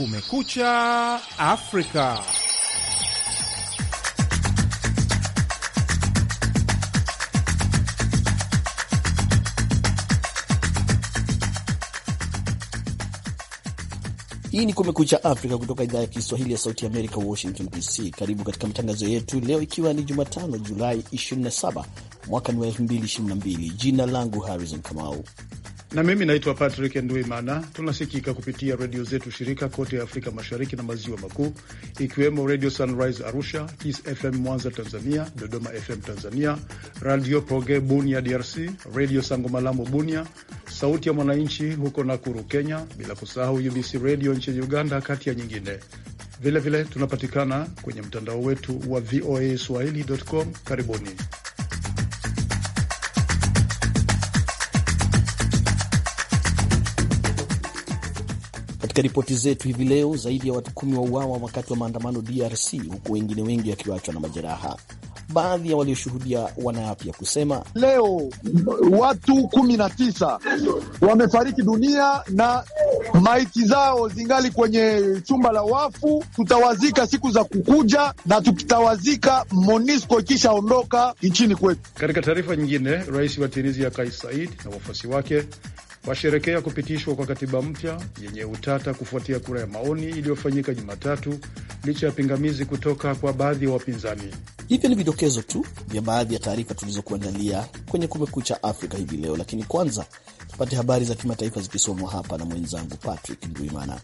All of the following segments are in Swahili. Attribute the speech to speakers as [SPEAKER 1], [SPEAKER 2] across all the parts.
[SPEAKER 1] Kumekucha Afrika.
[SPEAKER 2] Hii ni Kumekucha Afrika kutoka idhaa ya Kiswahili ya Sauti Amerika, Washington DC. Karibu katika matangazo yetu leo, ikiwa ni Jumatano Julai 27 mwaka ni wa 2022. Jina langu Harrison Kamau
[SPEAKER 1] na mimi naitwa Patrick Nduimana. Tunasikika kupitia redio zetu shirika kote Afrika Mashariki na Maziwa Makuu, ikiwemo Radio Sunrise Arusha, Kiss FM Mwanza Tanzania, Dodoma FM Tanzania, Radio Proge Bunia DRC, Radio Sango Malamu Bunia, Sauti ya Mwananchi huko Nakuru Kenya, bila kusahau UBC Radio nchini Uganda, kati ya nyingine. Vilevile vile, tunapatikana kwenye mtandao wetu wa VOA Swahili.com. Karibuni.
[SPEAKER 2] Katika ripoti zetu hivi leo, zaidi ya watu kumi wa uawa wakati wa maandamano DRC, huku wengine wengi wakiwachwa na majeraha. Baadhi ya walioshuhudia wanayapya kusema leo
[SPEAKER 1] watu kumi na tisa wamefariki dunia na maiti zao zingali kwenye chumba la wafu. Tutawazika siku za kukuja na tutawazika Monisco ikishaondoka nchini kwetu. Katika taarifa nyingine, rais wa Tunisia Kais na wafuasi wake washerekea kupitishwa kwa katiba mpya yenye utata kufuatia kura ya maoni iliyofanyika Jumatatu licha ya pingamizi kutoka kwa baadhi ya wapinzani. Hivyo ni vidokezo tu
[SPEAKER 2] vya baadhi ya taarifa tulizokuandalia kwenye Kumekucha Afrika hivi leo, lakini kwanza tupate habari za kimataifa zikisomwa hapa na mwenzangu Patrick Ndwimana.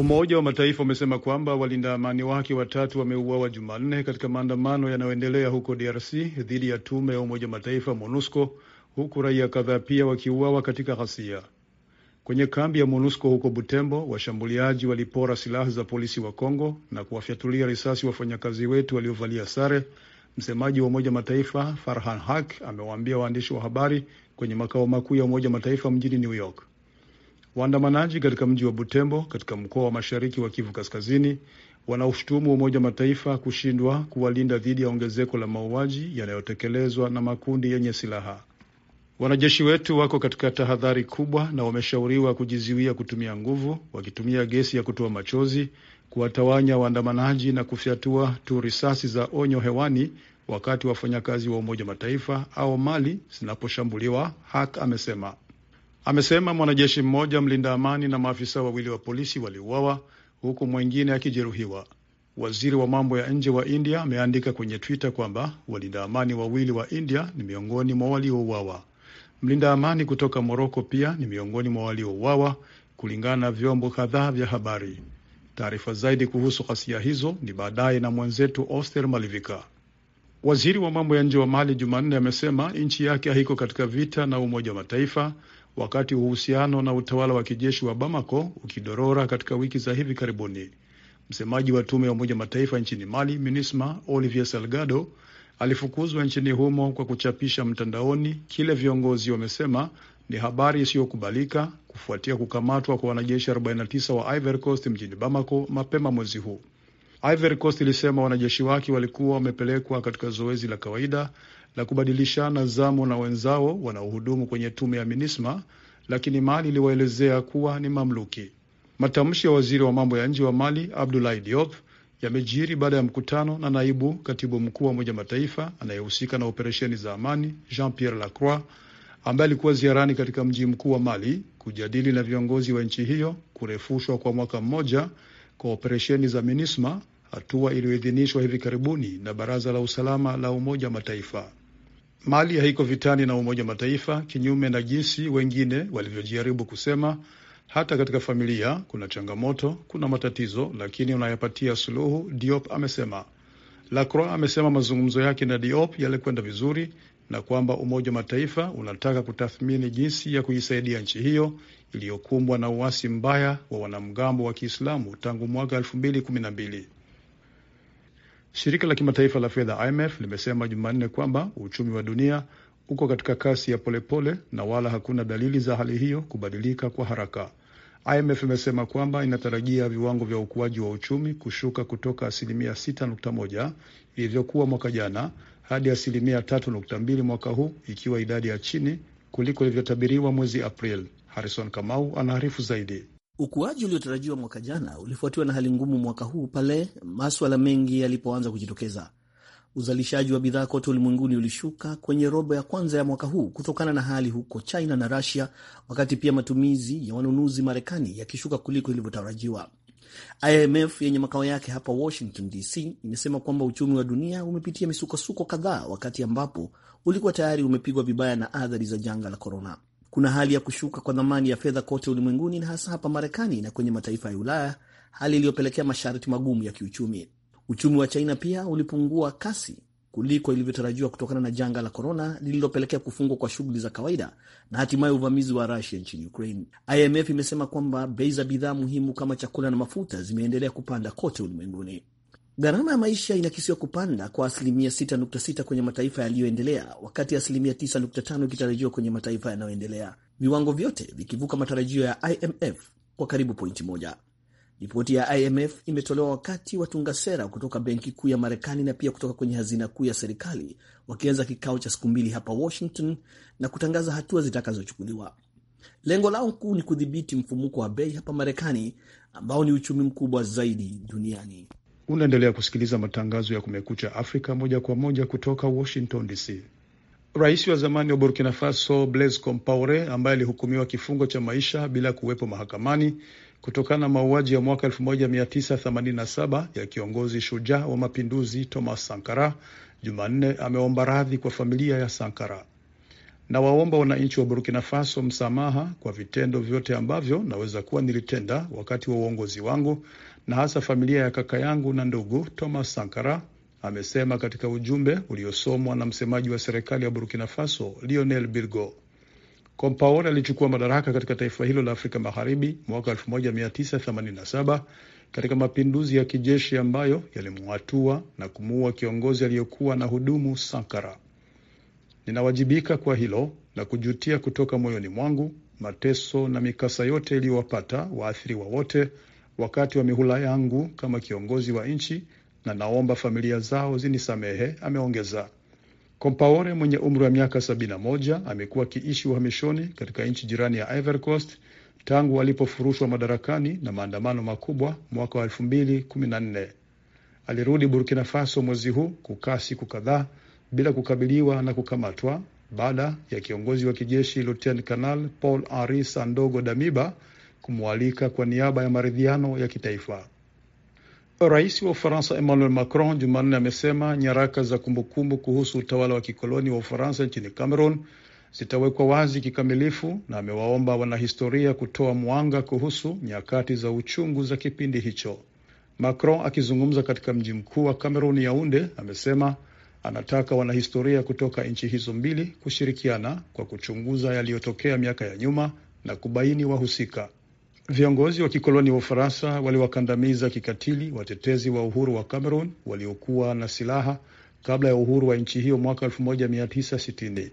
[SPEAKER 1] Umoja wa Mataifa umesema kwamba walinda amani wake watatu wameuawa Jumanne katika maandamano yanayoendelea huko DRC dhidi ya tume ya Umoja wa Mataifa MONUSCO, huku raia kadhaa pia wakiuawa katika ghasia kwenye kambi ya MONUSCO huko Butembo. Washambuliaji walipora silaha za polisi wa Kongo na kuwafyatulia risasi wafanyakazi wetu waliovalia sare. Msemaji wa Umoja Mataifa Farhan Haq amewaambia waandishi wa habari kwenye makao makuu ya Umoja Mataifa mjini New York. Waandamanaji katika mji wa Butembo katika mkoa wa mashariki wa Kivu Kaskazini wanaoshutumu Umoja wa Mataifa kushindwa kuwalinda dhidi ya ongezeko la mauaji yanayotekelezwa na makundi yenye silaha. Wanajeshi wetu wako katika tahadhari kubwa na wameshauriwa kujizuia kutumia nguvu, wakitumia gesi ya kutoa machozi kuwatawanya waandamanaji na kufyatua tu risasi za onyo hewani wakati wafanyakazi wa Umoja wa Mataifa au mali zinaposhambuliwa, Hak amesema. Amesema mwanajeshi mmoja mlinda amani na maafisa wawili wa polisi waliuawa huku mwengine akijeruhiwa. Waziri wa mambo ya nje wa India ameandika kwenye Twitter kwamba walinda amani wawili wa India ni miongoni mwa waliouawa. Mlinda amani kutoka Moroko pia ni miongoni mwa waliouawa, kulingana na vyombo kadhaa vya habari. Taarifa zaidi kuhusu ghasia hizo ni baadaye na mwenzetu Oster Malivika. Waziri wa mambo ya nje wa Mali Jumanne amesema nchi yake haiko katika vita na Umoja wa Mataifa wakati uhusiano na utawala wa kijeshi wa Bamako ukidorora katika wiki za hivi karibuni. Msemaji wa tume ya Umoja Mataifa nchini Mali, MINISMA, Olivier Salgado alifukuzwa nchini humo kwa kuchapisha mtandaoni kile viongozi wamesema ni habari isiyokubalika kufuatia kukamatwa kwa wanajeshi 49 wa Ivory Coast mjini Bamako mapema mwezi huu. Ivory Coast ilisema wanajeshi wake walikuwa wamepelekwa katika zoezi la kawaida la kubadilishana zamu na wenzao wanaohudumu kwenye tume ya MINISMA, lakini Mali iliwaelezea kuwa ni mamluki. Matamshi ya waziri wa mambo ya nje wa Mali Abdoulaye Diop yamejiri baada ya mkutano na naibu katibu mkuu wa Umoja Mataifa anayehusika na operesheni za amani Jean Pierre Lacroix ambaye alikuwa ziarani katika mji mkuu wa Mali kujadili na viongozi wa nchi hiyo kurefushwa kwa mwaka mmoja kwa operesheni za MINISMA, hatua iliyoidhinishwa hivi karibuni na Baraza la Usalama la Umoja Mataifa. Mali haiko vitani na Umoja Mataifa, kinyume na jinsi wengine walivyojaribu kusema. Hata katika familia kuna changamoto, kuna matatizo, lakini unayapatia suluhu, Diop amesema. Lacroix amesema mazungumzo yake na Diop yalikwenda vizuri na kwamba Umoja wa Mataifa unataka kutathmini jinsi ya kuisaidia nchi hiyo iliyokumbwa na uasi mbaya wa wanamgambo wa Kiislamu tangu mwaka 212 Shirika la kimataifa la fedha IMF limesema Jumanne kwamba uchumi wa dunia uko katika kasi ya polepole pole, na wala hakuna dalili za hali hiyo kubadilika kwa haraka. IMF imesema kwamba inatarajia viwango vya ukuaji wa uchumi kushuka kutoka asilimia 6.1 ilivyokuwa mwaka jana hadi asilimia 3.2 mwaka huu, ikiwa idadi ya chini kuliko ilivyotabiriwa mwezi Aprili. Harrison Kamau anaarifu zaidi.
[SPEAKER 2] Ukuaji uliotarajiwa mwaka jana ulifuatiwa na hali ngumu mwaka huu pale maswala mengi yalipoanza kujitokeza. Uzalishaji wa bidhaa kote ulimwenguni ulishuka kwenye robo ya kwanza ya mwaka huu kutokana na hali huko China na Russia, wakati pia matumizi ya wanunuzi Marekani yakishuka kuliko ilivyotarajiwa. IMF yenye makao yake hapa Washington DC imesema kwamba uchumi wa dunia umepitia misukosuko kadhaa, wakati ambapo ulikuwa tayari umepigwa vibaya na athari za janga la korona. Kuna hali ya kushuka kwa thamani ya fedha kote ulimwenguni na hasa hapa Marekani na kwenye mataifa ya Ulaya, hali iliyopelekea masharti magumu ya kiuchumi. Uchumi wa China pia ulipungua kasi kuliko ilivyotarajiwa kutokana na janga la korona lililopelekea kufungwa kwa shughuli za kawaida na hatimaye uvamizi wa Rusia nchini Ukraine. IMF imesema kwamba bei za bidhaa muhimu kama chakula na mafuta zimeendelea kupanda kote ulimwenguni. Gharama ya maisha inakisiwa kupanda kwa asilimia 6.6 kwenye mataifa yaliyoendelea, wakati asilimia 9.5 ikitarajiwa kwenye mataifa yanayoendelea, viwango vyote vikivuka matarajio ya IMF kwa karibu pointi moja. Ripoti ya IMF imetolewa wakati watunga sera kutoka benki kuu ya Marekani na pia kutoka kwenye hazina kuu ya serikali wakianza kikao cha siku mbili hapa Washington na kutangaza hatua zitakazochukuliwa. Lengo lao kuu ni kudhibiti mfumuko wa bei hapa Marekani,
[SPEAKER 1] ambao ni uchumi mkubwa zaidi
[SPEAKER 3] duniani.
[SPEAKER 1] Unaendelea kusikiliza matangazo ya Kumekucha Afrika moja kwa moja kutoka Washington DC. Rais wa zamani wa Burkina Faso Blaise Compaore ambaye alihukumiwa kifungo cha maisha bila kuwepo mahakamani kutokana na mauaji ya mwaka 1987 ya kiongozi shujaa wa mapinduzi Thomas Sankara, Jumanne ameomba radhi kwa familia ya Sankara. Nawaomba wananchi wa Burkina Faso msamaha kwa vitendo vyote ambavyo naweza kuwa nilitenda wakati wa uongozi wangu na hasa familia ya kaka yangu na ndugu, Thomas Sankara amesema katika ujumbe uliosomwa na msemaji wa serikali ya Burkina Faso Lionel Birgo. Compaore alichukua madaraka katika taifa hilo la Afrika Magharibi mwaka 1987 katika mapinduzi ya kijeshi ambayo yalimwatua na kumuua kiongozi aliyokuwa na hudumu Sankara. Ninawajibika kwa hilo na kujutia kutoka moyoni mwangu mateso na mikasa yote iliyowapata waathiriwa wote wakati wa mihula yangu kama kiongozi wa nchi na naomba familia zao zinisamehe, ameongeza. Compaore mwenye umri wa miaka 71 amekuwa akiishi uhamishoni katika nchi jirani ya Ivory Coast tangu alipofurushwa madarakani na maandamano makubwa mwaka wa 2014. Alirudi Burkina Faso mwezi huu kukaa siku kadhaa bila kukabiliwa na kukamatwa baada ya kiongozi wa kijeshi Luteni Kanal Paul Henri Sandogo Damiba kumwalika kwa niaba ya maridhiano ya kitaifa. Rais wa Ufaransa Emmanuel Macron Jumanne amesema nyaraka za kumbukumbu kuhusu utawala wa kikoloni wa Ufaransa nchini Cameroon zitawekwa wazi kikamilifu na amewaomba wanahistoria kutoa mwanga kuhusu nyakati za uchungu za kipindi hicho. Macron akizungumza katika mji mkuu wa Cameroon, yaunde amesema anataka wanahistoria kutoka nchi hizo mbili kushirikiana kwa kuchunguza yaliyotokea miaka ya nyuma na kubaini wahusika. Viongozi wa kikoloni wa Ufaransa waliwakandamiza kikatili watetezi wa uhuru wa Cameroon waliokuwa na silaha kabla ya uhuru wa nchi hiyo mwaka 1960.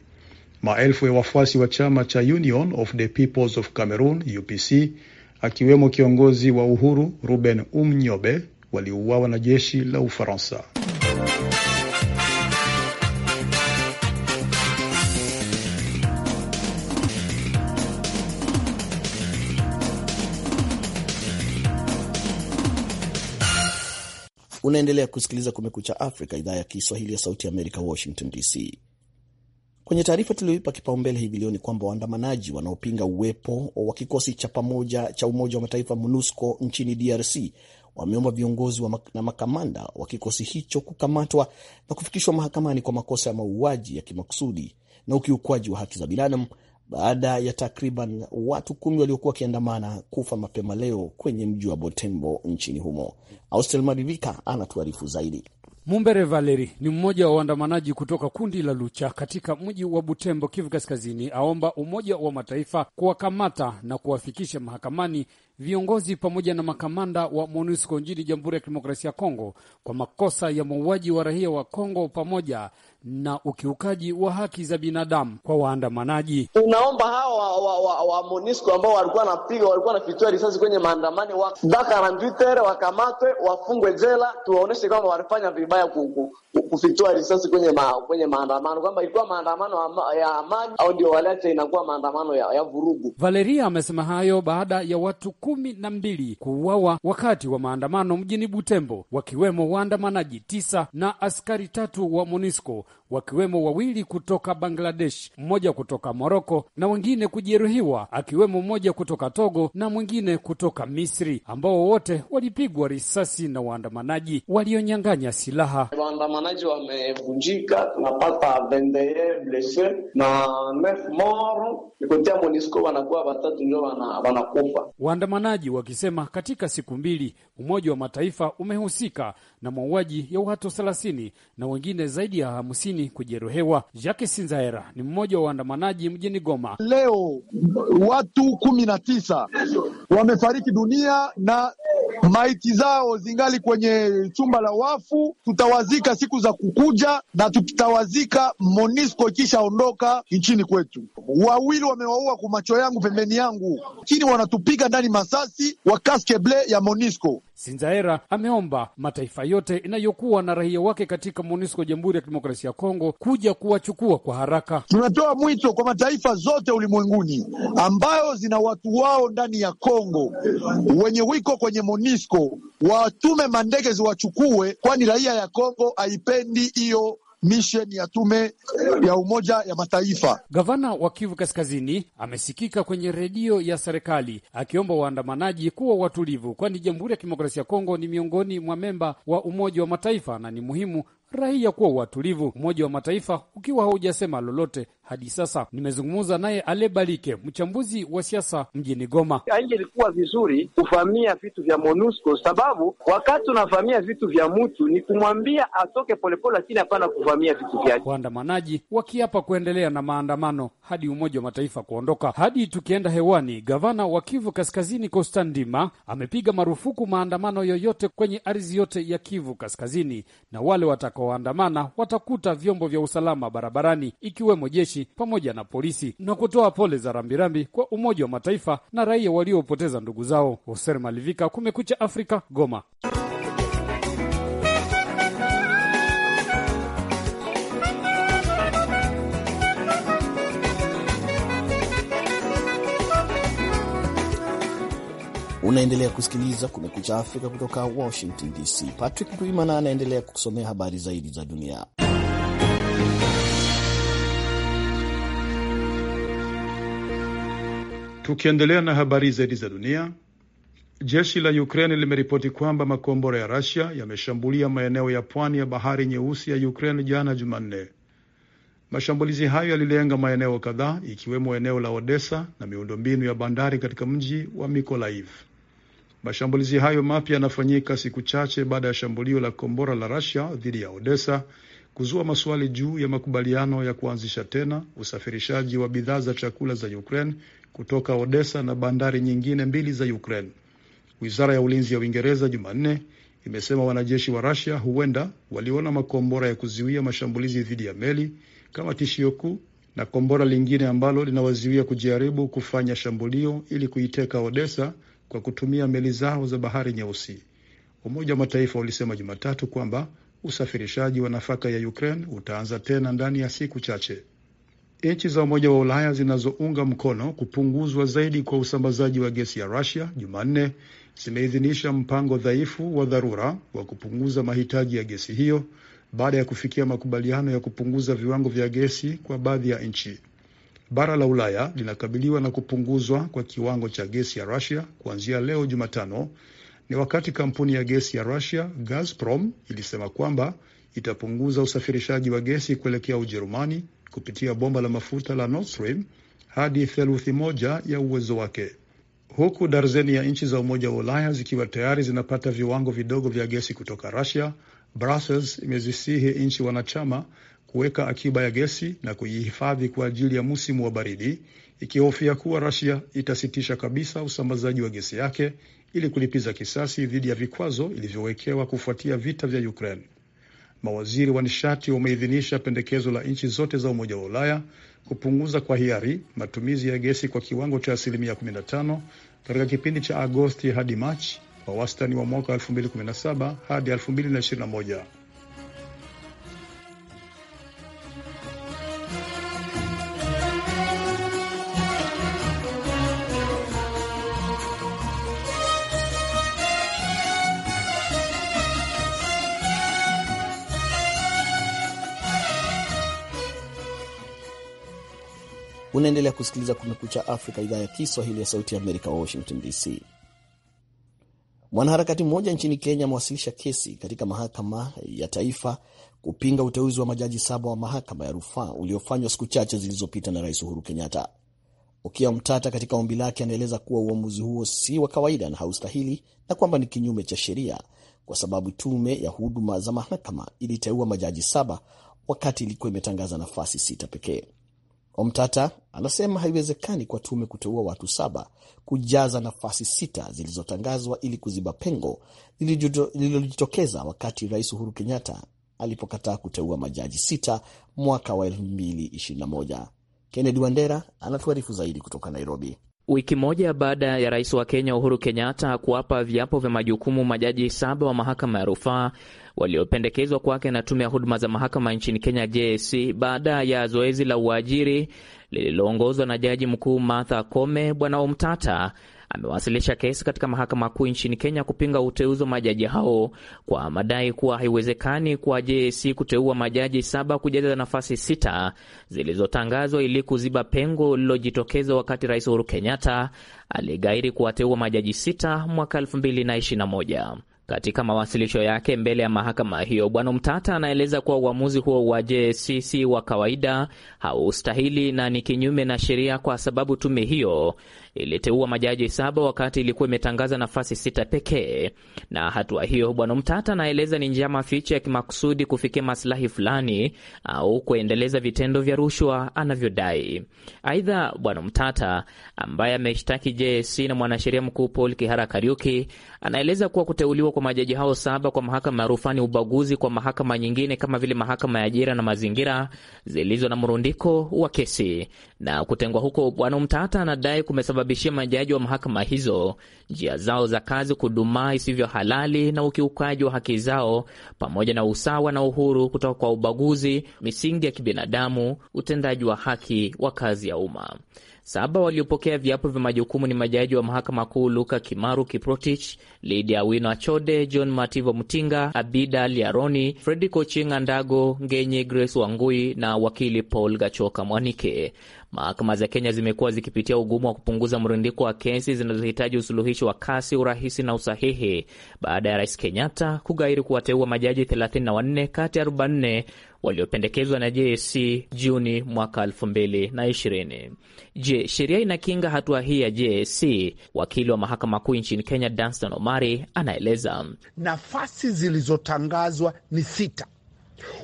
[SPEAKER 1] Maelfu ya wafuasi wa chama cha Union of the Peoples of Cameroon UPC, akiwemo kiongozi wa uhuru Ruben Umnyobe, waliuawa na jeshi la Ufaransa.
[SPEAKER 2] Unaendelea kusikiliza Kumekucha Afrika, idhaa ya Kiswahili ya Sauti Amerika, Washington DC. Kwenye taarifa tuliyoipa kipaumbele hivi leo ni kwamba waandamanaji wanaopinga uwepo wa kikosi cha pamoja cha Umoja wa Mataifa MONUSCO nchini DRC wameomba viongozi wa mak na makamanda wa kikosi hicho kukamatwa na kufikishwa mahakamani kwa makosa ya mauaji ya kimakusudi na ukiukwaji wa haki za binadamu baada ya takriban watu kumi waliokuwa wakiandamana kufa mapema leo kwenye mji wa Botembo nchini humo. Austel Marivika anatuarifu zaidi.
[SPEAKER 4] Mumbere Valeri ni mmoja wa waandamanaji kutoka kundi la Lucha katika mji wa Butembo, Kivu Kaskazini, aomba Umoja wa Mataifa kuwakamata na kuwafikisha mahakamani viongozi pamoja na makamanda wa MONUSCO nchini Jamhuri ya Kidemokrasia ya Kongo kwa makosa ya mauaji wa raia wa Kongo pamoja na ukiukaji wa haki za binadamu kwa waandamanaji.
[SPEAKER 3] Tunaomba
[SPEAKER 2] hawa wa, wa, wa, wa MONUSCO ambao walikuwa napiga walikuwa nafitua risasi kwenye maandamano wa dakarandutere wakamatwe, wafungwe jela, tuwaoneshe kwamba walifanya vibaya kufitua risasi kwenye, ma, kwenye maandamano, kwamba ilikuwa maandamano ya amani au ndio waliacha inakuwa maandamano ya, ya vurugu.
[SPEAKER 4] Valeria amesema hayo baada ya watu kumi na mbili kuuawa wakati wa maandamano mjini Butembo, wakiwemo waandamanaji tisa na askari tatu wa MONUSCO wakiwemo wawili kutoka Bangladesh, mmoja kutoka Moroko na wengine kujeruhiwa, akiwemo mmoja kutoka Togo na mwingine kutoka Misri, ambao wote walipigwa risasi na waandamanaji walionyang'anya silaha.
[SPEAKER 2] Waandamanaji wamevunjika, tunapata bendeye blese na nef moro ikutia MONUSCO, wanakuwa watatu ndio wanakufa
[SPEAKER 4] waandamanaji wakisema katika siku mbili Umoja wa Mataifa umehusika na mauaji ya watu 30 na wengine zaidi ya hamsini kujeruhiwa. Jacques Sinzaera ni mmoja wa waandamanaji mjini Goma.
[SPEAKER 1] Leo watu kumi na tisa wamefariki dunia na maiti zao zingali kwenye chumba la wafu. Tutawazika siku za kukuja na tutawazika Monisco ikishaondoka nchini kwetu. Wawili wamewaua kwa macho yangu, pembeni yangu lakini wanatupiga ndani masasi wa kaskeble ya
[SPEAKER 5] Monisco.
[SPEAKER 4] Sinzaera ameomba mataifa yote inayokuwa na raia wake katika MONUSCO Jamhuri ya Kidemokrasia ya Kongo kuja kuwachukua kwa haraka.
[SPEAKER 5] Tunatoa mwito kwa mataifa zote ulimwenguni ambayo zina watu wao ndani ya Kongo wenye wiko kwenye
[SPEAKER 1] MONUSCO watume mandege ziwachukue, kwani raia ya Kongo haipendi hiyo misheni ya tume eh, ya Umoja ya Mataifa.
[SPEAKER 4] Gavana wa Kivu
[SPEAKER 1] Kaskazini
[SPEAKER 4] amesikika kwenye redio ya serikali akiomba waandamanaji kuwa watulivu, kwani Jamhuri ya Kidemokrasia ya Kongo ni miongoni mwa memba wa Umoja wa Mataifa na ni muhimu raia kuwa watulivu, Umoja wa Mataifa ukiwa haujasema lolote hadi sasa. Nimezungumza naye Alebalike, mchambuzi wa siasa mjini Goma. Ainge ilikuwa vizuri kuvamia vitu vya MONUSCO sababu wakati unavamia vitu vya mtu ni kumwambia atoke polepole, lakini hapana kuvamia vitu vyake. Waandamanaji wakiapa kuendelea na maandamano hadi Umoja wa Mataifa kuondoka. Hadi tukienda hewani, gavana wa Kivu Kaskazini Kostan amepiga marufuku maandamano yoyote kwenye ardhi yote ya Kivu Kaskazini na wale wataka watakaoandamana watakuta vyombo vya usalama barabarani ikiwemo jeshi pamoja na polisi na kutoa pole za rambirambi kwa Umoja wa Mataifa na raia waliopoteza ndugu zao. Hoser Malivika, Kumekucha Afrika, Goma.
[SPEAKER 2] Unaendelea kusikiliza Kumekucha Afrika kutoka Washington DC. Patrick Duimana anaendelea kusomea habari zaidi za dunia.
[SPEAKER 1] Tukiendelea na habari zaidi za dunia, jeshi la Ukraine limeripoti kwamba makombora ya rusia yameshambulia maeneo ya pwani ya bahari nyeusi ya Ukraine jana Jumanne. Mashambulizi hayo yalilenga maeneo kadhaa ikiwemo eneo la Odessa na miundombinu ya bandari katika mji wa Mikolaiv. Mashambulizi hayo mapya yanafanyika siku chache baada ya shambulio la kombora la Russia dhidi ya Odessa kuzua maswali juu ya makubaliano ya kuanzisha tena usafirishaji wa bidhaa za chakula za Ukraine kutoka Odessa na bandari nyingine mbili za Ukraine. Wizara ya ulinzi ya Uingereza Jumanne imesema wanajeshi wa Russia huenda waliona makombora ya kuzuia mashambulizi dhidi ya meli kama tishio kuu na kombora lingine ambalo linawazuia kujaribu kufanya shambulio ili kuiteka Odessa kwa kutumia meli zao za Bahari Nyeusi. Umoja wa Mataifa ulisema Jumatatu kwamba usafirishaji wa nafaka ya Ukraine utaanza tena ndani ya siku chache. Nchi za Umoja wa Ulaya zinazounga mkono kupunguzwa zaidi kwa usambazaji wa gesi ya Rusia Jumanne zimeidhinisha mpango dhaifu wa dharura wa kupunguza mahitaji ya gesi hiyo baada ya kufikia makubaliano ya kupunguza viwango vya gesi kwa baadhi ya nchi. Bara la Ulaya linakabiliwa na kupunguzwa kwa kiwango cha gesi ya Rusia kuanzia leo Jumatano. Ni wakati kampuni ya gesi ya Rusia Gazprom ilisema kwamba itapunguza usafirishaji wa gesi kuelekea Ujerumani kupitia bomba la mafuta la Nord Stream hadi theluthi moja ya uwezo wake, huku darzeni ya nchi za Umoja wa Ulaya zikiwa tayari zinapata viwango vidogo vya gesi kutoka Rusia. Brussels imezisihi nchi wanachama kuweka akiba ya gesi na kuihifadhi kwa ajili ya msimu wa baridi, ikihofia kuwa Russia itasitisha kabisa usambazaji wa gesi yake ili kulipiza kisasi dhidi ya vikwazo ilivyowekewa kufuatia vita vya Ukraine. Mawaziri wa nishati wameidhinisha pendekezo la nchi zote za Umoja wa Ulaya kupunguza kwa hiari matumizi ya gesi kwa kiwango cha asilimia 15 katika kipindi cha Agosti hadi Machi kwa wastani wa mwaka 2017 hadi 2021.
[SPEAKER 2] Unaendelea kusikiliza Kumekucha Afrika, idhaa ya Kiswahili ya Sauti ya Amerika, Washington DC. Mwanaharakati mmoja nchini Kenya amewasilisha kesi katika mahakama ya taifa kupinga uteuzi wa majaji saba wa mahakama ya rufaa uliofanywa siku chache zilizopita na Rais Uhuru Kenyatta. Okiya Mtata katika ombi lake anaeleza kuwa uamuzi huo si wa kawaida na haustahili na kwamba ni kinyume cha sheria kwa sababu tume ya huduma za mahakama iliteua majaji saba wakati ilikuwa imetangaza nafasi sita pekee. Omtata anasema haiwezekani kwa tume kuteua watu saba kujaza nafasi sita zilizotangazwa ili kuziba pengo lililojitokeza wakati Rais Uhuru Kenyatta alipokataa kuteua majaji sita mwaka wa 2021. Kennedy Wandera anatuarifu zaidi kutoka Nairobi.
[SPEAKER 6] Wiki moja baada ya rais wa Kenya Uhuru Kenyatta kuwapa viapo vya majukumu majaji saba wa mahakama ya rufaa waliopendekezwa kwake na tume ya huduma za mahakama nchini Kenya JSC, baada ya zoezi la uajiri lililoongozwa na jaji mkuu Martha Koome, bwana Omtata amewasilisha kesi katika mahakama kuu nchini Kenya kupinga uteuzi wa majaji hao kwa madai kuwa haiwezekani kwa JSC kuteua majaji saba kujaza nafasi sita zilizotangazwa ili kuziba pengo lililojitokeza wakati Rais Uhuru Kenyatta aligairi kuwateua majaji sita mwaka 2021. Katika mawasilisho yake mbele ya mahakama hiyo, Bwana Mtata anaeleza kuwa uamuzi huo wa JSCC wa kawaida haustahili na ni kinyume na sheria, kwa sababu tume hiyo iliteua majaji saba wakati ilikuwa imetangaza nafasi sita pekee. Na hatua hiyo, Bwana Mtata anaeleza ni njama fiche ya kimakusudi kufikia masilahi fulani au kuendeleza vitendo vya rushwa anavyodai. Aidha, Bwana Mtata ambaye ameshtaki JSC na mwanasheria mkuu Paul Kihara Kariuki anaeleza kuwa kuteuliwa kwa majaji hao saba kwa mahakama ya rufani ubaguzi kwa mahakama nyingine kama vile mahakama ya ajira na mazingira zilizo na mrundiko wa kesi. Na kutengwa huko, Bwana Mtata anadai kumesababishia majaji wa mahakama hizo njia zao za kazi kudumaa isivyo halali na ukiukaji wa haki zao pamoja na usawa na uhuru kutoka kwa ubaguzi, misingi ya kibinadamu, utendaji wa haki wa kazi ya umma. Saba waliopokea viapo vya majukumu ni majaji wa mahakama kuu Luka Kimaru Kiprotich Lidia Wino Achode, John Mativo Mtinga, Abida Liaroni, Fredi Kochinga Ndago, Ngenye Grace Wangui na wakili Paul Gachoka Mwanike. Mahakama za Kenya zimekuwa zikipitia ugumu wa kupunguza mrundiko wa kesi zinazohitaji usuluhishi wa kasi, urahisi na usahihi baada ya Rais Kenyatta kugairi kuwateua majaji 34 kati ya 44 waliopendekezwa na JSC Juni mwaka 2020. Je, sheria inakinga hatua hii ya JSC? Wakili wa mahakama kuu nchini Kenya Danstan Omari anaeleza.
[SPEAKER 5] Nafasi zilizotangazwa ni sita.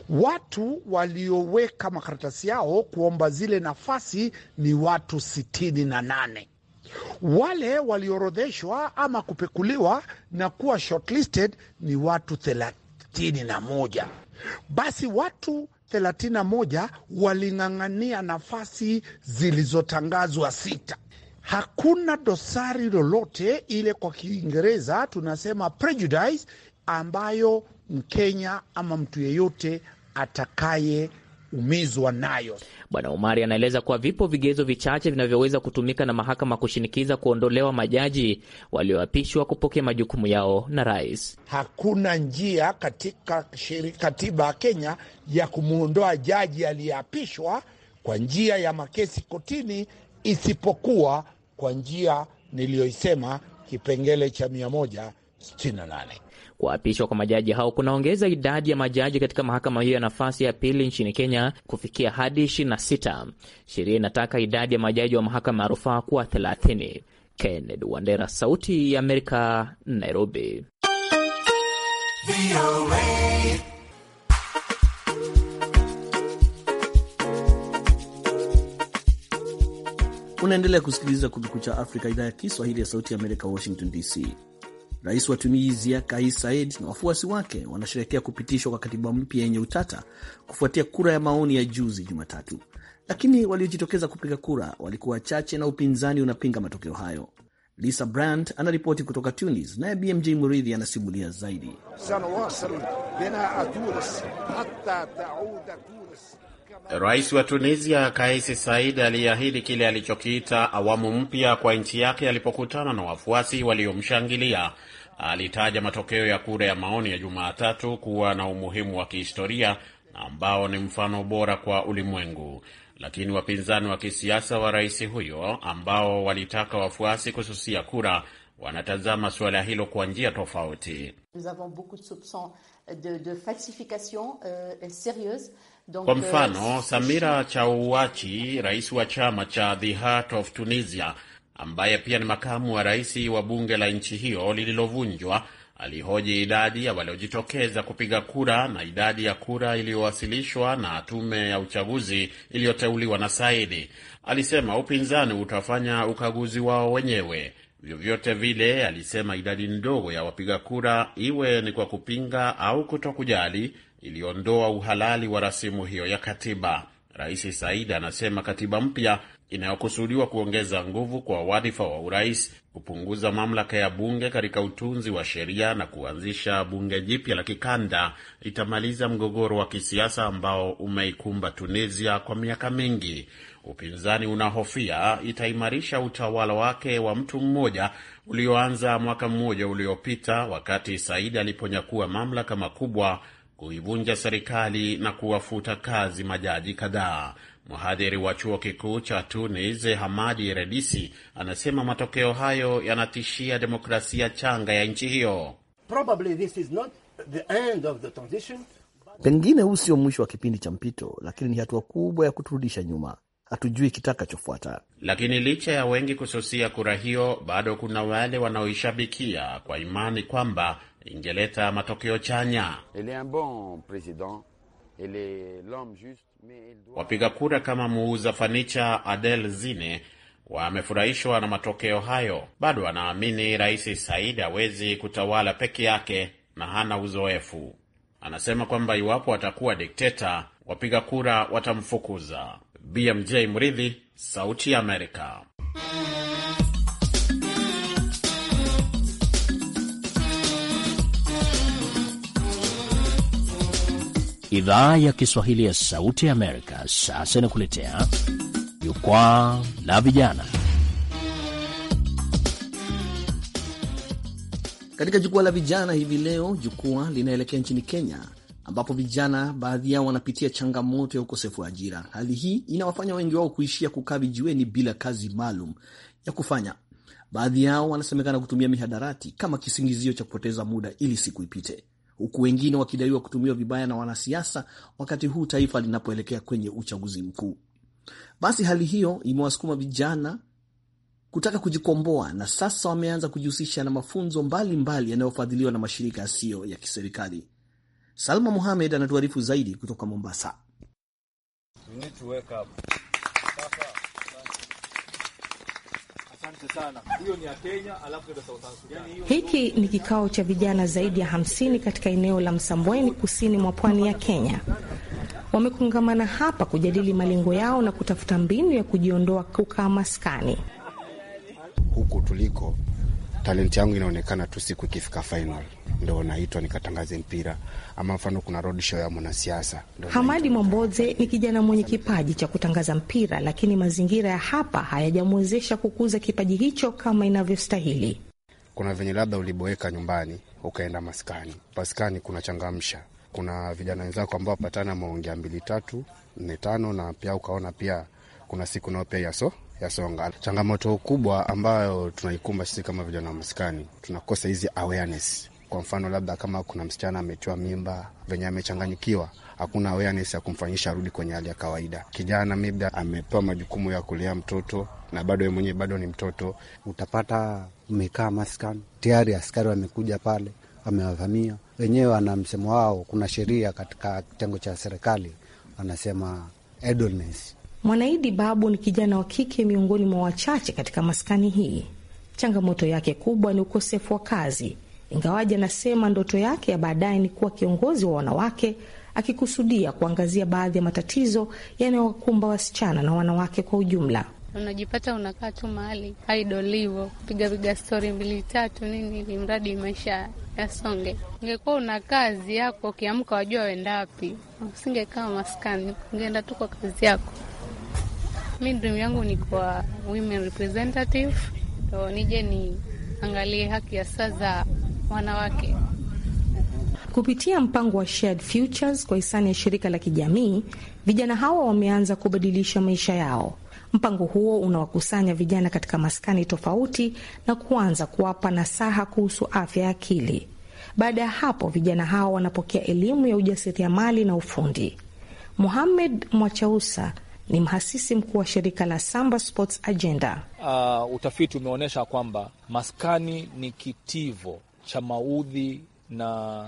[SPEAKER 5] Watu walioweka makaratasi yao kuomba zile nafasi ni watu sitini na nane. Wale waliorodheshwa ama kupekuliwa na kuwa shortlisted ni watu thelathini na moja. Basi watu thelathini na moja waling'ang'ania nafasi zilizotangazwa sita hakuna dosari lolote ile, kwa Kiingereza tunasema prejudice, ambayo Mkenya ama mtu yeyote atakaye umizwa nayo.
[SPEAKER 6] Bwana Umari anaeleza kuwa vipo vigezo vichache vinavyoweza kutumika na mahakama kushinikiza kuondolewa majaji walioapishwa kupokea majukumu yao na rais.
[SPEAKER 5] Hakuna njia katika katiba ya Kenya ya kumwondoa jaji aliyeapishwa kwa njia ya makesi kotini isipokuwa kwa njia niliyoisema kipengele cha 168.
[SPEAKER 6] Kuapishwa kwa majaji hao kunaongeza idadi ya majaji katika mahakama hiyo ya nafasi ya pili nchini Kenya kufikia hadi 26. Sheria inataka idadi ya majaji wa mahakama ya rufaa kuwa 30. Kennedy Wandera, Sauti ya Amerika, Nairobi.
[SPEAKER 2] Unaendelea kusikiliza Kumekucha Afrika, idhaa ya Kiswahili ya Sauti ya Amerika, Washington DC. Rais wa Tunisia Kais Saied na wafuasi wake wanasherekea kupitishwa kwa katiba mpya yenye utata kufuatia kura ya maoni ya juzi Jumatatu, lakini waliojitokeza kupiga kura walikuwa wachache na upinzani unapinga matokeo hayo. Lisa Brandt anaripoti kutoka Tunis, naye BMJ Muridhi
[SPEAKER 7] anasimulia zaidi. Rais wa Tunisia Kais said aliahidi kile alichokiita awamu mpya kwa nchi yake alipokutana na wafuasi waliomshangilia. Alitaja matokeo ya kura ya maoni ya Jumatatu kuwa na umuhimu wa kihistoria na ambao ni mfano bora kwa ulimwengu. Lakini wapinzani wa kisiasa wa rais huyo ambao walitaka wafuasi kususia kura wanatazama suala hilo kwa njia tofauti.
[SPEAKER 8] Nous avons beaucoup de soupçons de, de falsification, euh, sérieuse kwa euh, mfano, Samira
[SPEAKER 7] Chauachi, rais wa chama cha The Heart of Tunisia, ambaye pia ni makamu wa rais wa bunge la nchi hiyo lililovunjwa, alihoji idadi ya waliojitokeza kupiga kura na idadi ya kura iliyowasilishwa na tume ya uchaguzi iliyoteuliwa na Saidi. Alisema upinzani utafanya ukaguzi wao wenyewe. Vyovyote vile, alisema idadi ndogo ya wapiga kura, iwe ni kwa kupinga au kutokujali, iliondoa uhalali wa rasimu hiyo ya katiba. Rais Said anasema katiba mpya inayokusudiwa kuongeza nguvu kwa wadhifa wa urais, kupunguza mamlaka ya bunge katika utunzi wa sheria na kuanzisha bunge jipya la kikanda itamaliza mgogoro wa kisiasa ambao umeikumba Tunisia kwa miaka mingi. Upinzani unahofia itaimarisha utawala wake wa mtu mmoja ulioanza mwaka mmoja uliopita wakati Said aliponyakua mamlaka makubwa kuivunja serikali na kuwafuta kazi majaji kadhaa. Mhadhiri wa chuo kikuu cha Tunis Hamadi Redisi anasema matokeo hayo yanatishia demokrasia changa ya nchi hiyo.
[SPEAKER 2] Pengine huu sio mwisho wa kipindi cha mpito, lakini ni hatua kubwa ya kuturudisha nyuma. Hatujui kitakachofuata.
[SPEAKER 7] Lakini licha ya wengi kususia kura hiyo, bado kuna wale wanaoishabikia kwa imani kwamba ingeleta matokeo chanya. Wapiga kura kama muuza fanicha Adel Zine wamefurahishwa na matokeo hayo. Bado anaamini Rais Said hawezi kutawala peke yake na hana uzoefu. Anasema kwamba iwapo atakuwa dikteta, wapiga kura watamfukuza. BMJ Mridhi, Sauti ya Amerika.
[SPEAKER 2] Idhaa ya Kiswahili ya Sauti ya Amerika sasa inakuletea jukwaa la vijana. Katika jukwaa la vijana hivi leo, jukwaa linaelekea nchini Kenya ambapo vijana baadhi yao wanapitia changamoto ya ukosefu wa ajira. Hali hii inawafanya wengi wao kuishia kukaa vijiweni bila kazi maalum ya kufanya. Baadhi yao wanasemekana kutumia mihadarati kama kisingizio cha kupoteza muda ili siku ipite huku wengine wakidaiwa kutumiwa vibaya na wanasiasa wakati huu taifa linapoelekea kwenye uchaguzi mkuu. Basi hali hiyo imewasukuma vijana kutaka kujikomboa na sasa wameanza kujihusisha na mafunzo mbalimbali yanayofadhiliwa na mashirika yasiyo ya kiserikali. Salma Muhamed anatuarifu zaidi kutoka Mombasa.
[SPEAKER 3] Yaani Hiki ni kikao
[SPEAKER 8] cha vijana zaidi ya hamsini katika eneo la Msambweni kusini mwa pwani ya Kenya. Wamekungamana hapa kujadili malengo yao na kutafuta mbinu ya kujiondoa kukaa maskani.
[SPEAKER 4] Huku tuliko talenti yangu inaonekana tu siku ikifika final ndo naitwa nikatangaze mpira ama mfano kuna road show ya mwanasiasa.
[SPEAKER 8] Hamadi Mwambodze ni kijana mwenye kipaji cha kutangaza mpira, lakini mazingira ya hapa hayajamwezesha kukuza kipaji hicho kama inavyostahili.
[SPEAKER 4] Kuna venye labda uliboeka nyumbani ukaenda maskani, maskani kuna changamsha kuna vijana wenzako ambao wapatana maongea mbili tatu nne tano, na pia ukaona pia kuna siku nao pia yaso yasonga. Changamoto kubwa ambayo tunaikumba sisi kama vijana wa maskani, tunakosa hizi awareness kwa mfano labda kama kuna msichana ametiwa mimba venye amechanganyikiwa hakuna awareness ya kumfanyisha arudi kwenye hali ya kawaida. Kijana mibda amepewa majukumu ya kulea mtoto na bado mwenyewe bado ni mtoto. Utapata umekaa maskan tayari, askari wamekuja pale, wamewavamia wenyewe. Wana msemo wao, kuna sheria katika kitengo cha serikali wanasema idleness.
[SPEAKER 8] Mwanaidi Babu ni kijana wa kike miongoni mwa wachache katika maskani hii. Changamoto yake kubwa ni ukosefu wa kazi ingawaji anasema ndoto yake ya baadaye ni kuwa kiongozi wa wanawake, akikusudia kuangazia baadhi ya matatizo yanayowakumba wasichana na wanawake kwa ujumla. Unajipata unakaa tu mahali aidolivo pigapiga stori mbili tatu nini, ili mradi maisha yasonge. Ungekuwa una kazi yako, ukiamka wajua wenda wapi, usingekaa maskani, ungeenda tu kwa kazi yako. Mi dream yangu ni kwa women representative, ndo nije niangalie haki ya saa za wanawake. Kupitia mpango wa Shared Futures kwa hisani ya shirika la kijamii, vijana hawa wameanza kubadilisha maisha yao. Mpango huo unawakusanya vijana katika maskani tofauti na kuanza kuwapa nasaha kuhusu afya ya akili. Baada ya hapo, vijana hawa wanapokea elimu ya ujasiriamali na ufundi. Muhamed Mwachausa ni mhasisi mkuu wa shirika la Samba Sports Agenda.
[SPEAKER 3] Uh, utafiti umeonyesha kwamba maskani ni kitivo cha maudhi na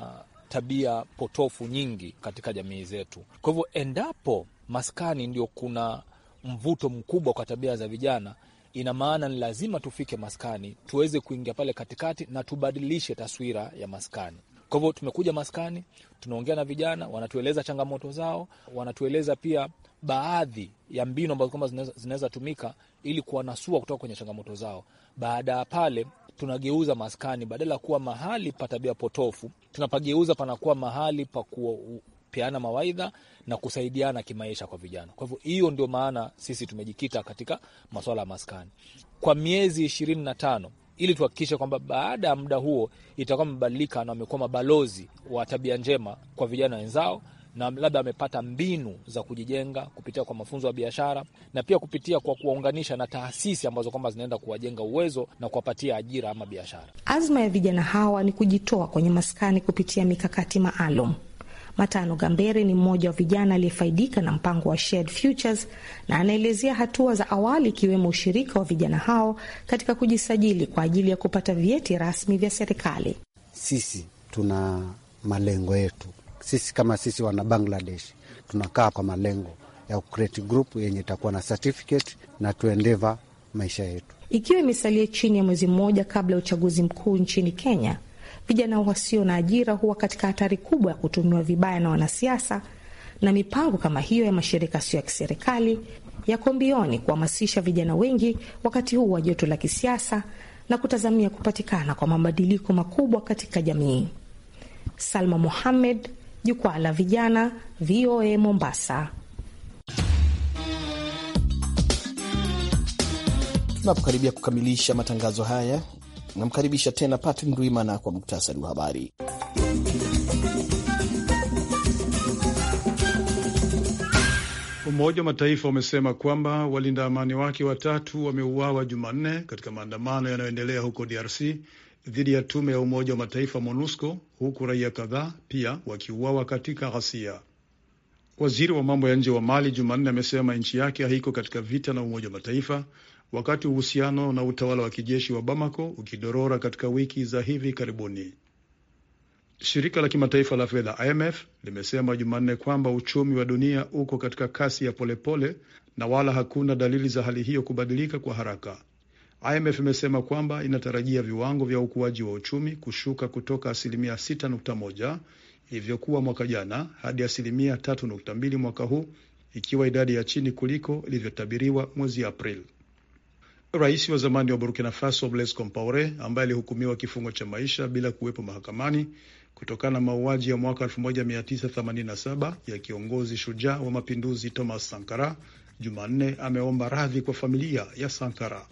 [SPEAKER 3] tabia potofu nyingi katika jamii zetu. Kwa hivyo, endapo maskani ndio kuna mvuto mkubwa kwa tabia za vijana, ina maana ni lazima tufike maskani, tuweze kuingia pale katikati na tubadilishe taswira ya maskani. Kwa hivyo tumekuja maskani, tunaongea na vijana, wanatueleza changamoto zao, wanatueleza pia baadhi ya mbinu ambazo kwamba zinaweza tumika ili kuwanasua kutoka kwenye changamoto zao. Baada ya pale, tunageuza maskani badala kuwa mahali pa tabia potofu, tunapageuza panakuwa mahali pa kupeana mawaidha na kusaidiana kimaisha kwa vijana. Kwa hivyo hiyo ndio maana sisi tumejikita katika masuala ya maskani kwa miezi ishirini na tano ili tuhakikishe kwamba baada ya muda huo itakuwa amebadilika na wamekuwa mabalozi wa tabia njema kwa vijana wenzao na labda amepata mbinu za kujijenga kupitia kwa mafunzo ya biashara na pia kupitia kwa kuwaunganisha na taasisi ambazo kwamba zinaenda kuwajenga uwezo na kuwapatia ajira ama biashara.
[SPEAKER 8] Azma ya vijana hawa ni kujitoa kwenye maskani kupitia mikakati maalum. Matano Gambere ni mmoja wa vijana aliyefaidika na mpango wa Shared Futures na anaelezea hatua za awali ikiwemo ushirika wa vijana hao katika kujisajili kwa ajili ya kupata vyeti rasmi vya serikali. Sisi
[SPEAKER 4] tuna malengo yetu sisi kama sisi wana Bangladesh tunakaa kwa malengo ya kucreate group yenye itakuwa na certificate na tuendeva maisha yetu.
[SPEAKER 8] Ikiwa imesalia chini ya mwezi mmoja kabla ya uchaguzi mkuu nchini Kenya, vijana wasio na ajira huwa katika hatari kubwa ya kutumiwa vibaya na wanasiasa, na mipango kama hiyo ya mashirika sio ya kiserikali yako mbioni kuhamasisha vijana wengi wakati huu wa joto la kisiasa na kutazamia kupatikana kwa mabadiliko makubwa katika jamii. Salma Mohamed, Jukwaa la Vijana, VOA Mombasa.
[SPEAKER 2] Tunapokaribia kukamilisha matangazo haya, namkaribisha tena Patrick Ndwimana kwa muktasari wa habari.
[SPEAKER 1] Umoja wa Mataifa umesema kwamba walinda amani wake watatu wameuawa Jumanne katika maandamano yanayoendelea huko DRC dhidi ya tume ya Umoja wa Mataifa MONUSCO, huku raia kadhaa pia wakiuawa katika ghasia. Waziri wa mambo ya nje wa Mali Jumanne amesema nchi yake haiko katika vita na Umoja wa Mataifa, wakati uhusiano na utawala wa kijeshi wa Bamako ukidorora katika wiki za hivi karibuni. Shirika la kimataifa la fedha IMF limesema Jumanne kwamba uchumi wa dunia uko katika kasi ya polepole na wala hakuna dalili za hali hiyo kubadilika kwa haraka. IMF imesema kwamba inatarajia viwango vya ukuaji wa uchumi kushuka kutoka asilimia 6.1 ilivyokuwa mwaka jana hadi asilimia 3.2 mwaka huu, ikiwa idadi ya chini kuliko ilivyotabiriwa mwezi Aprili. Rais wa zamani wa Burkina Faso Blaise Compaore ambaye alihukumiwa kifungo cha maisha bila kuwepo mahakamani kutokana na mauaji ya mwaka 1987 ya kiongozi shujaa wa mapinduzi Thomas Sankara, Jumanne ameomba radhi kwa familia ya Sankara.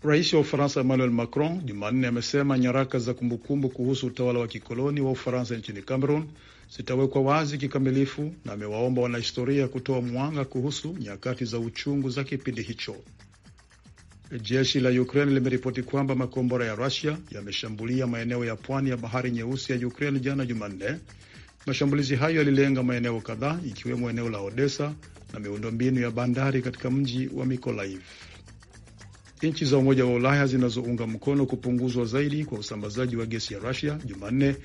[SPEAKER 1] Rais wa Ufaransa Emmanuel Macron Jumanne amesema nyaraka za kumbukumbu kuhusu utawala wa kikoloni wa Ufaransa nchini Cameroon zitawekwa wazi kikamilifu na amewaomba wanahistoria kutoa mwanga kuhusu nyakati za uchungu za kipindi hicho. Jeshi la Ukraine limeripoti kwamba makombora ya Rusia yameshambulia maeneo ya pwani ya bahari nyeusi ya Ukraine jana Jumanne. Mashambulizi hayo yalilenga maeneo kadhaa ikiwemo eneo la Odessa na miundombinu ya bandari katika mji wa Mikolaiv. Nchi za Umoja wa Ulaya zinazounga mkono kupunguzwa zaidi kwa usambazaji wa gesi ya Rusia Jumanne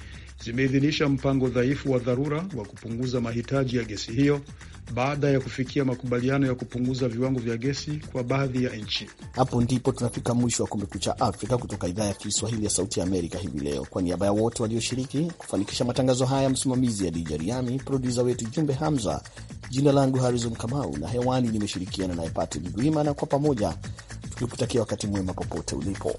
[SPEAKER 1] zimeidhinisha mpango dhaifu wa dharura wa kupunguza mahitaji ya gesi hiyo baada ya kufikia makubaliano ya kupunguza viwango vya gesi kwa baadhi ya nchi.
[SPEAKER 2] Hapo ndipo tunafika mwisho wa Kumekucha Afrika kutoka idhaa ya Kiswahili ya Sauti ya Amerika hivi leo. Kwa niaba ya wote walioshiriki kufanikisha matangazo haya, msimamizi ya Dija Riami, produsa wetu Jumbe Hamza, jina langu Harizon Kamau na hewani nimeshirikiana naye Patrick Gwima, na kwa pamoja tukikutakia wakati mwema popote ulipo.